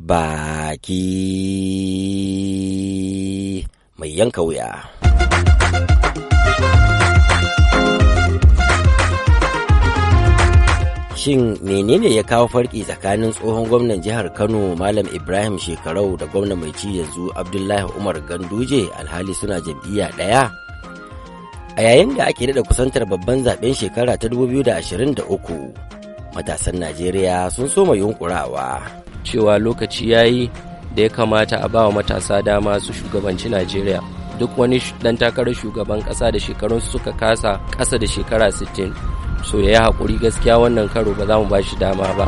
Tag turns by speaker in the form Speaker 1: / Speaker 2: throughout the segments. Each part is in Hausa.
Speaker 1: baki mai yanka wuya. Shin menene ya kawo farki tsakanin tsohon gwamnan jihar Kano Malam Ibrahim Shekarau da gwamna mai ci yanzu Abdullahi Umar Ganduje alhali suna jam'iyya ɗaya? A yayin da ake daɗa kusantar babban zaben shekara ta 2023, matasan Najeriya sun soma yunkurawa. cewa
Speaker 2: lokaci ya yi da ya kamata a ba wa matasa dama su shugabanci Najeriya. Duk wani ɗan takarar shugaban ƙasa da shekarun suka kasa ƙasa da shekara 60. So ya yi haƙuri gaskiya wannan karo ba za mu ba shi dama ba.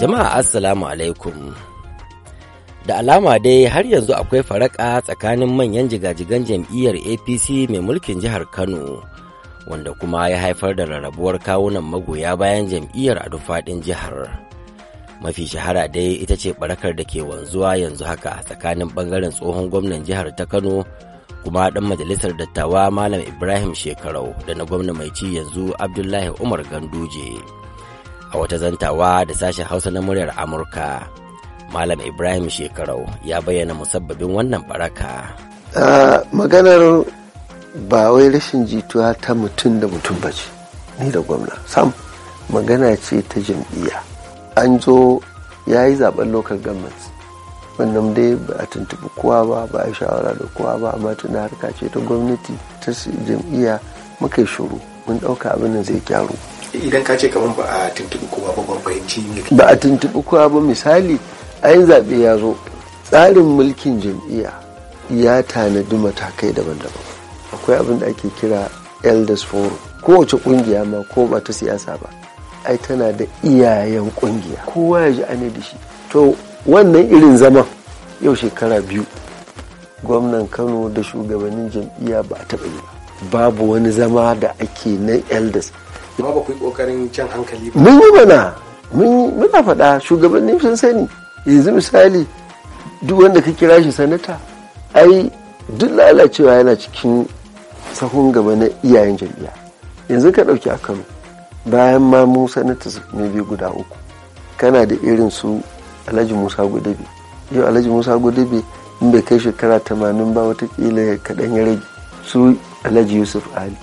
Speaker 1: Jama'a Assalamu alaikum. da alama dai har yanzu akwai faraka tsakanin manyan jigajigan jam'iyyar apc mai mulkin jihar kano wanda kuma ya haifar da rarrabuwar kawunan magoya bayan jam'iyyar a dufaɗin jihar mafi shahara dai ita ce barakar da ke wanzuwa yanzu haka tsakanin bangaren tsohon gwamnan jihar ta kano kuma ɗan majalisar dattawa malam ibrahim shekarau da na gwamna mai ci yanzu abdullahi umar ganduje a wata zantawa da sashen hausa na muryar amurka Malam Ibrahim Shekarau ya bayyana musabbabin wannan baraka.
Speaker 3: maganar ba wai rashin jituwa ta mutum da mutum ba ce, ni da gwamna. Sam, magana ce ta jam'iyya. An zo ya yi zaben lokal government. Wannan dai ba a tuntuɓi kowa ba, ba a shawara da kowa ba, amma tuna harka ce ta gwamnati ta jam'iyya muka yi shuru. Mun ɗauka abin da zai gyaru.
Speaker 2: Idan ka ce kamar ba a tuntubi kowa ba,
Speaker 3: Ba a tuntuɓi kowa ba misali. ayin zaɓe ya zo tsarin mulkin jam'iyya ya tanadi matakai daban-daban akwai abin da ake kira elders forum kowace ƙungiya ma ko ba ta siyasa ba ai tana da iyayen ƙungiya kowa ya ji ane da shi to wannan irin zaman yau shekara biyu gwamnan kano da shugabannin jam'iyya ba a taɓa yi ba babu wani zama da ake na elders
Speaker 1: ba ku yi ƙoƙarin jan hankali ba
Speaker 3: mun yi mana mun muna faɗa shugabannin sun sani yanzu misali duk wanda ka kira shi sanata ai duk lalacewa yana cikin sahun gaba na iyayen jam'iyya yanzu ka ɗauki a kano bayan ma mu sanata ne biyu guda uku kana da irin su alhaji musa godebe yau alhaji musa godebe in bai kai shekara tamanin ba watakila ya kaɗan ya rage su alhaji yusuf ali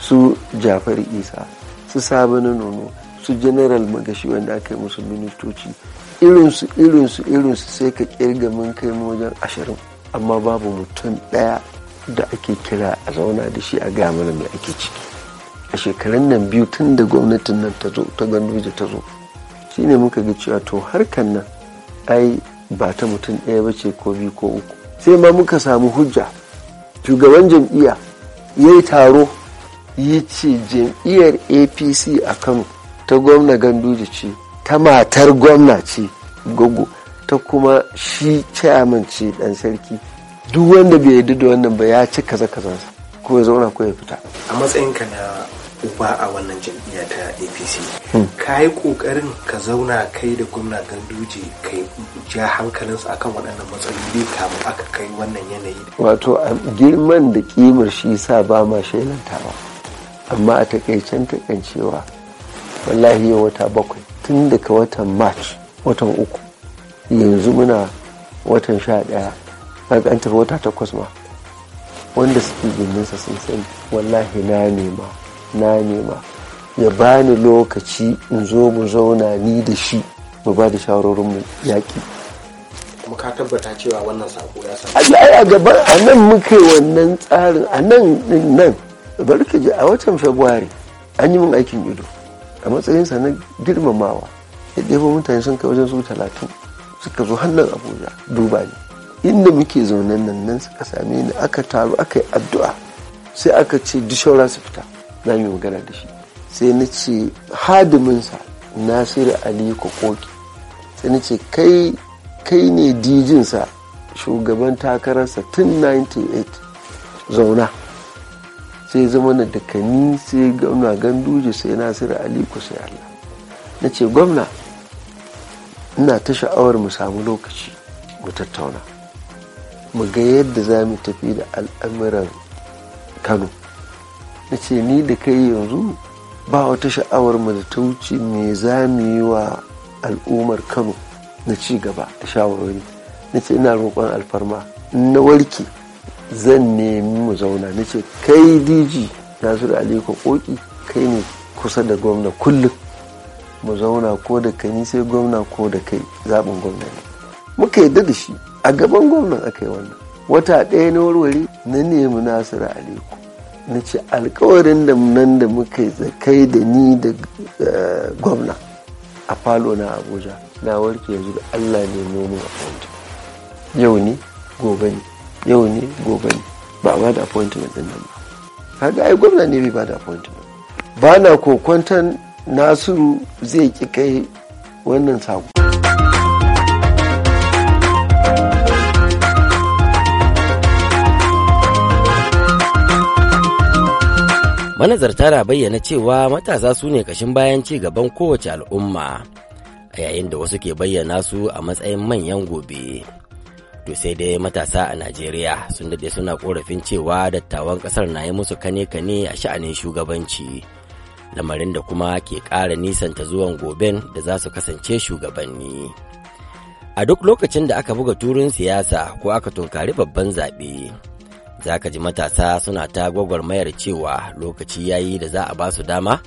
Speaker 3: su jafar isa su sabani nono su general magashi wanda aka yi musu ministoci irinsu irinsu irinsu sai ka kirga mun kai wajen ashirin amma babu mutum ɗaya da ake kira a zauna da shi a gaya mana mai ake ciki a shekarun nan biyu tun da gwamnatin nan ta zo ta ganduje ta zo shine muka ga cewa to harkan nan ai ba ta mutum ɗaya ba ce ko biyu ko uku sai ma muka samu hujja shugaban jam'iyya ya yi taro ya ce jam'iyyar apc a kano ta gwamna ganduje ce ta matar gwamna ce gogo ta kuma shi chairman ce dan sarki duk wanda bai yarda da wannan ba ya ci kaza kaza ko ya zauna ko ya fita
Speaker 1: a matsayin ka na uba a wannan jam'iyya ta apc hmm. ka yi kokarin ka zauna kai da gwamna ganduje ka ja hankalinsa akan waɗannan matsaloli kamun aka kai wannan yanayi
Speaker 3: wato girman da kimar shi sa ba ma shailantawa amma a takaicen takancewa wallahi yau wata bakwai tun daga watan march watan uku yanzu muna watan sha daya an tafi wata takwas ma wanda suke sa sun sani wallahi na nema na nema ya bani lokaci in zo mu zauna ni da shi mu ba da shawarorin mu yaƙi
Speaker 2: kuma ka tabbata cewa wannan sako ya samu
Speaker 3: ai a gaban a nan muke wannan tsarin a nan nan bari ka ji a watan february an yi min aikin ido a matsayinsa na girmamawa ya ɗaya mutane sun kai wajen su talatin suka zo hannun abuja duba ni inda muke zaune nan nan suka same ni aka taru aka yi addu'a sai aka ce dishaura su fita na mai magana da shi sai na ce hadiminsa nasiru ali kokoki sai na ce kai kai ne dijinsa shugaban takararsa tun 98 zauna sai zama na dakani sai gwamna ganduje sai nasiru aliku sai allah na ce gwamna ina ta sha'awar mu samu lokaci mu tattauna mu ga yadda za mu tafi da al'amuran kano na ce ni da kai yanzu ba wata sha'awar mu da ta wuce me za mu yi wa al'ummar kano na ci gaba da shawarwari na ce ina roƙon alfarma na warke zan nemi mu zauna na ce kai dj nasiru aliko koki kai ne kusa da gwamna kullum mu zauna ko da kai sai gwamna ko da kai zaɓin gwamna ne muka yadda da shi a gaban gwamnan aka yi wannan wata ɗaya na warware na nemi nasiru aliko na ce alkawarin da nan da muka yi kai da ni da eh, gwamna a falo na abuja na warke yanzu da allah ne nomin a yau ne gobe ne yau ne gobe ne ba ba da appointment din nan ba kaga ai gwamna ne bai ba appointment ba na kokwantan nasiru zai ki kai wannan sako
Speaker 1: manazarta na bayyana cewa matasa su ne kashin bayan ci gaban kowace al'umma a yayin da wasu ke bayyana su a matsayin manyan gobe. to sai dai matasa a najeriya sun daɗe suna korafin cewa dattawan ƙasar na yi musu kane-kane a sha'anin shugabanci lamarin da kuma ke ƙara nisanta zuwan goben da za su kasance shugabanni a duk lokacin da aka buga turin siyasa ko aka tunkari babban zaɓe za ka ji matasa suna ta gwagwarmayar cewa lokaci yayi da za a ba su dama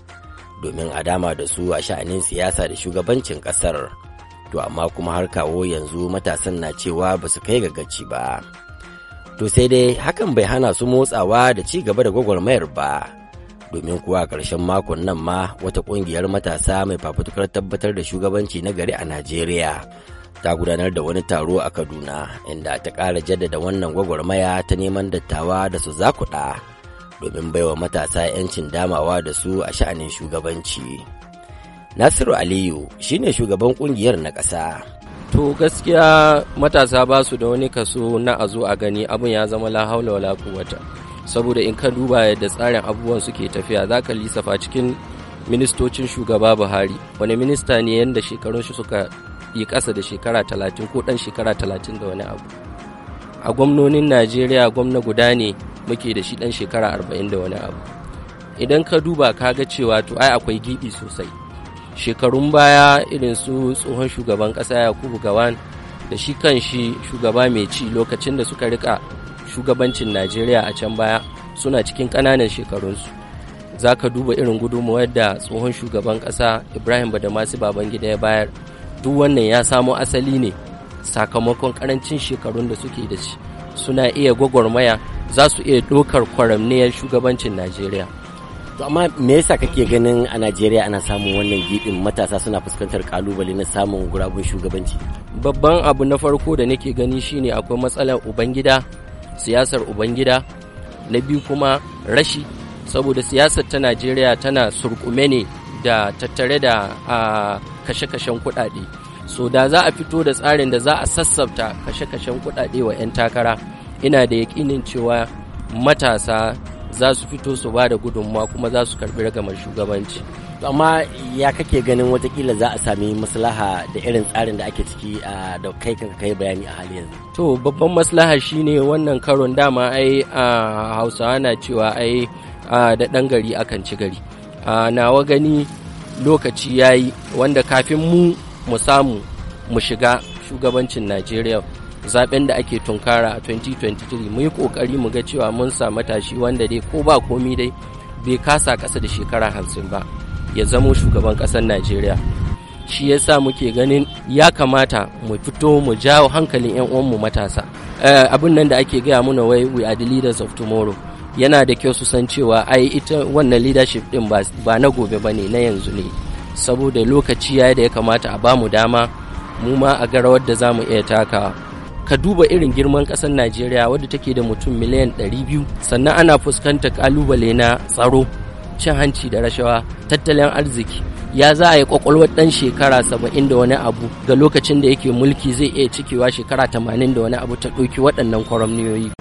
Speaker 1: domin a dama da su a sha'anin siyasa da shugabancin ƙasar. to amma kuma har kawo yanzu matasan na cewa ba su kai gagaci ba to sai dai hakan bai hana su motsawa da ci gaba da gwagwarmayar ba domin kuwa a ƙarshen makon nan ma wata ƙungiyar matasa mai fafutukar tabbatar da shugabanci na gari a najeriya ta gudanar da wani taro a kaduna inda ta ƙara jaddada wannan gwagwarmaya ta neman dattawa da su zakuɗa domin baiwa matasa 'yancin damawa da su a sha'anin shugabanci. Nasiru Aliyu shine shugaban kungiyar na ƙasa.
Speaker 2: To gaskiya matasa ba su da wani kaso na a zo a gani abin ya zama la haula wala kuwata. Saboda in ka duba yadda tsarin abubuwan suke tafiya za ka lissafa cikin ministocin shugaba Buhari wani minista ne yadda shekarun shi suka yi ƙasa da shekara talatin ko ɗan shekara talatin da wani abu. A gwamnonin Najeriya gwamna guda ne muke da shi ɗan shekara arba'in da wani abu. Idan ka duba ka ga cewa to ai akwai giɓi sosai. shekarun baya irin su tsohon shugaban ƙasa yakubu gawan da shi kan shi shugaba mai ci lokacin da suka rika shugabancin najeriya a can baya suna cikin ƙananan shekarunsu za ka duba irin gudunmawar da tsohon shugaban ƙasa ibrahim badamasi babangida ya bayar duk wannan ya samo asali ne sakamakon ƙarancin shekarun da suke da shi suna iya gwagwarmaya za su iya ɗaukar kwaramniyar shugabancin najeriya
Speaker 1: to amma me yasa kake ganin a najeriya ana samun wannan gidin matasa suna fuskantar kalubale na samun gurabun shugabanci babban abu na farko da nake gani shine akwai matsalar
Speaker 2: ubangida siyasar ubangida na biyu kuma rashi saboda siyasar ta najeriya tana surkume ne da tattare da kashe-kashen kuɗaɗe so da za a fito da tsarin da za a sassabta kashe-kashen kuɗaɗe wa 'yan takara ina da yaƙinin cewa matasa za su fito su ba da
Speaker 1: gudunmawa kuma za su karbi ragamar shugabanci amma ya kake ganin watakila za a sami maslaha da irin tsarin da ake ciki da kai kanka kai bayani a hali yanzu to babban
Speaker 2: maslaha shine wannan karon dama ai a hausawa na cewa ai da ɗan gari akan ci gari nawa gani lokaci yayi wanda kafin mu mu samu mu shiga shugabancin najeriya zaben da ake tunkara a 2023 mu yi kokari mu ga cewa mun sa matashi wanda dai ko ba komi dai bai kasa kasa da shekara hamsin ba ya zamo shugaban kasar najeriya shi yasa muke ganin ya kamata mu fito mu jawo hankalin 'yan uwanmu matasa eh, abin nan da ake gaya muna wai we are the leaders of tomorrow yana da kyau su san cewa ai ita wannan leadership din ba na gobe ba ne na yanzu ne saboda lokaci ya da ya kamata a bamu dama mu ma a ga rawar da za mu iya takawa ka duba irin girman ƙasar najeriya wadda take da mutum miliyan ɗari biyu sannan ana fuskantar kalubale na tsaro cin hanci da rashawa tattalin arziki ya za a yi kwakwalwar ɗan shekara saba'in da wani abu ga lokacin da yake mulki zai iya cikewa shekara tamanin da wani abu ta ɗauki
Speaker 1: waɗannan kwaramniyoyi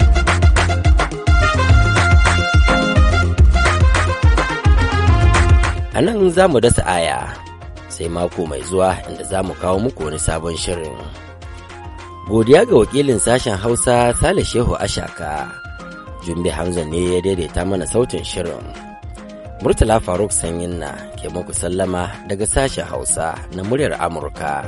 Speaker 1: a nan za mu dasa aya sai mako mai zuwa inda za mu kawo muku wani sabon shirin. godiya ga wakilin sashen hausa sale shehu ashaka jumbe hamza ne ya daidaita mana sautin shirin murtala faruk sanyin na ke muku sallama daga sashen hausa na muryar amurka